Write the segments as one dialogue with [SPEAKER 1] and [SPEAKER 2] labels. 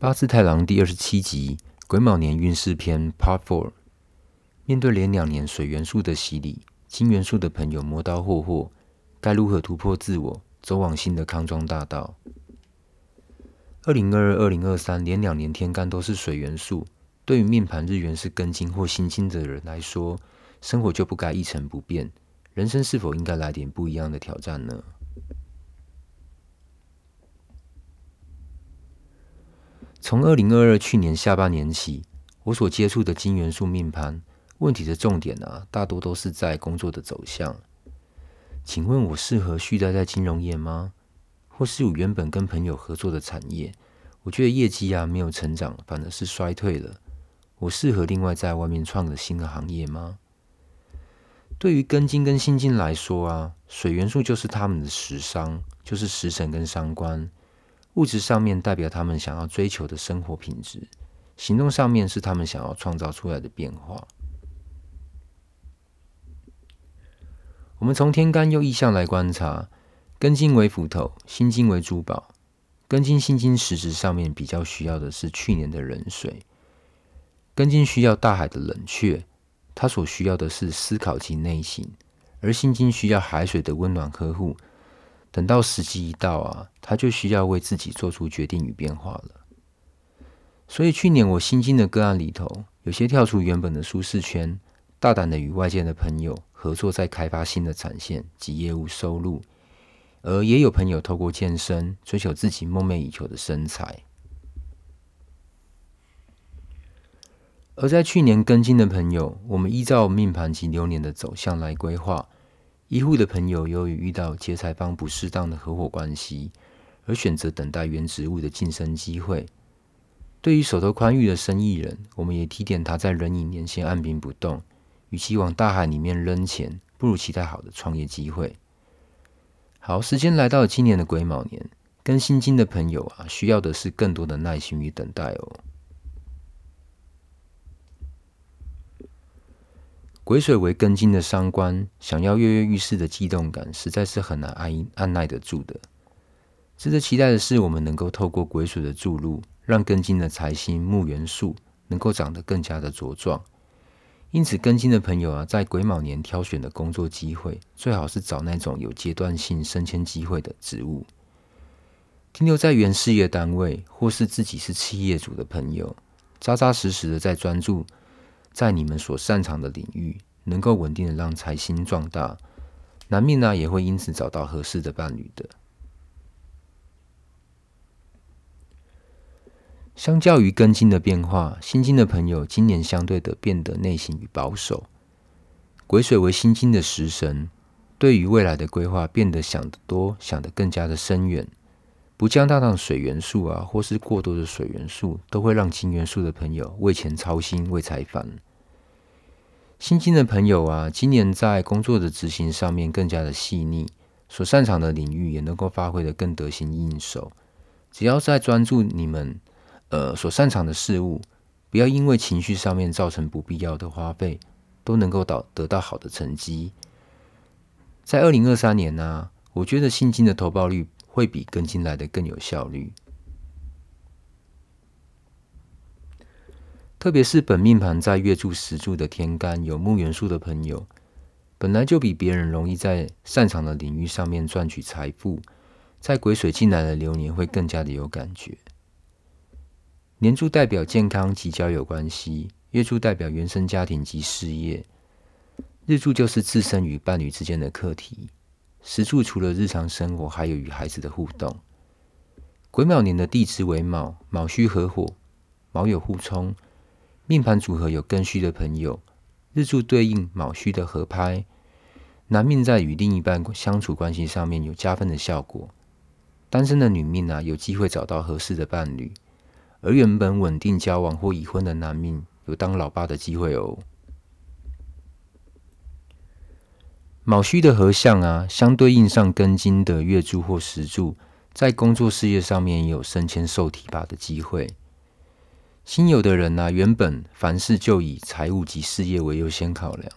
[SPEAKER 1] 八字太郎第二十七集《癸卯年運勢篇》Part Four。面對連兩年水元素的洗禮，金元素的朋友磨刀霍霍，該如何突破自我，走往新的康莊大道？二零二二、二零二三連兩年天干都是水元素，對於命盤日元是庚金或辛金的人來說，生活就不該一成不變。人生是否應該來點不一樣的挑戰呢？從二零二二去年下半年起，我所接觸的金元素命盤問題的重點啊，大多都是在工作的走向。請問，我適合續待在金融業嗎？或是我原本跟朋友合作的產業，我覺得業績啊沒有成長，反而是衰退了。我適合另外在外面創個新的行業嗎？對於庚金跟辛金來說啊，水元素就是他們的食傷，就是食神跟傷官。物質上面代表他們想要追求的生活品質，行動上面是他們想要創造出來的變化。我們從天干用意象來觀察，庚金為斧頭，辛金為珠寶。庚金、辛金實質上面比較需要的是去年的壬水，庚金需要大海的冷卻，它所需要的是思考其內心；而辛金需要海水的溫暖呵護。等到時機一到啊，他就需要為自己做出決定與變化了。所以去年我新進的個案裡頭，有些跳出原本的舒適圈，大膽的與外界的朋友合作，再開發新的產線及業務收入；而也有朋友透過健身，追求自己夢寐以求的身材。而在去年跟進的朋友，我們依照命盤及流年的走向來規劃。醫護的朋友由於遇到劫財方不適當的合夥關係，而選擇等待原職務的晉升機會。對於手頭寬裕的生意人，我們也提點他在壬寅年先按兵不動，與其往大海裡面扔錢，不如期待好的創業機會。好，時間來到了今年的癸卯年，庚辛金的朋友啊，需要的是更多的耐心與等待哦。癸水為庚金的傷官，想要躍躍欲試的激動感，實在是很難按按捺得住的。值得期待的是，我們能夠透過癸水的注入，讓庚金的財星木元素能夠長得更加的茁壯。因此，庚金的朋友啊，在癸卯年挑選的工作機會，最好是找那種有階段性升遷機會的職務。停留在原事業單位，或是自己是企業主的朋友，扎扎實實的在專注。在你們所擅長的領域，能夠穩定的讓財星壯大，男命呢、啊、也會因此找到合適的伴侶的。相較於庚金的變化，辛金的朋友今年相對的變得內心與保守。癸水為辛金的食神，對於未來的規劃變得想得多，想得更加的深遠。不恰當的水元素啊，或是過多的水元素，都會讓金元素的朋友為錢操心、為財煩。辛金的朋友啊，今年在工作的執行上面更加的細膩，所擅長的領域也能夠發揮得更得心應手。只要在專注你們呃所擅長的事物，不要因為情緒上面造成不必要的花費，都能夠到得到好的成績。在二零二三年呢、啊，我覺得辛金的投報率，會比跟進來的更有效率，特別是本命盤在月柱、時柱的天干有木元素的朋友，本來就比別人容易在擅長的領域上面賺取財富，在癸水進來的流年會更加的有感覺。年柱代表健康及交友關係，月柱代表原生家庭及事業，日柱就是自身與伴侶之間的課題。時柱除了日常生活，還有與孩子的互動。癸卯年的地支為卯，卯戌合火，卯酉互沖。命盤組合有庚戌的朋友，日柱對應卯戌的合拍，男命在與另一半相處關係上面有加分的效果。單身的女命啊，有機會找到合適的伴侶；而原本穩定交往或已婚的男命，有當老爸的機會哦。卯戌的合相啊，相對應上庚金的月柱或時柱，在工作事業上面有升遷受提拔的機會。辛酉的人啊，原本凡事就以財務及事業為優先考量。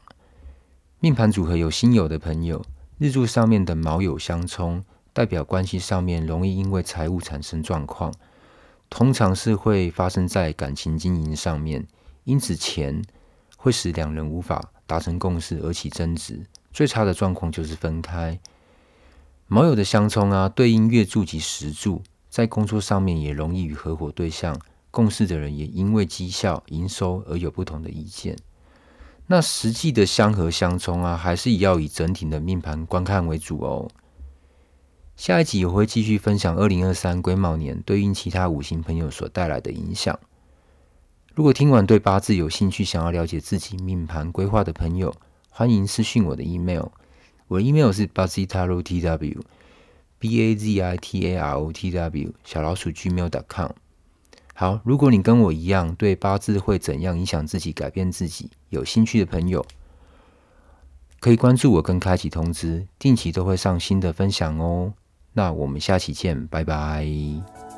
[SPEAKER 1] 命盤組合有辛酉的朋友，日柱上面的卯酉相沖，代表關係上面容易因為財務產生狀況，通常是會發生在感情經營上面，因此錢會使兩人無法達成共識而起爭執。最差的狀況就是分開，卯酉的相沖啊，對應月柱及時柱，在工作上面也容易與合夥對象共事的人，也因為績效、營收而有不同的意見。那實際的相合相沖啊，還是要以整體的命盤觀看為主哦。下一集我會繼續分享二零二三癸卯年對應其他五行朋友所帶來的影響。如果聽完對八字有興趣，想要了解自己命盤規劃的朋友，歡迎私訊我的 email，我的 email 是 bazitarotw，b a z i t a r o t w 小老鼠 Gmail.com。好，如果你跟我一樣對八字會怎樣影響自己、改變自己，有興趣的朋友，可以關注我跟開啟通知，定期都會上新的分享哦。那我們下期見，拜拜。